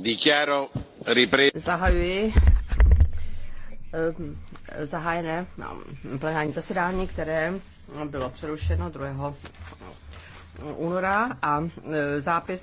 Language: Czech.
Zahajuji eh, zahájené eh, plenární zasedání, které bylo přerušeno two února a eh, zápis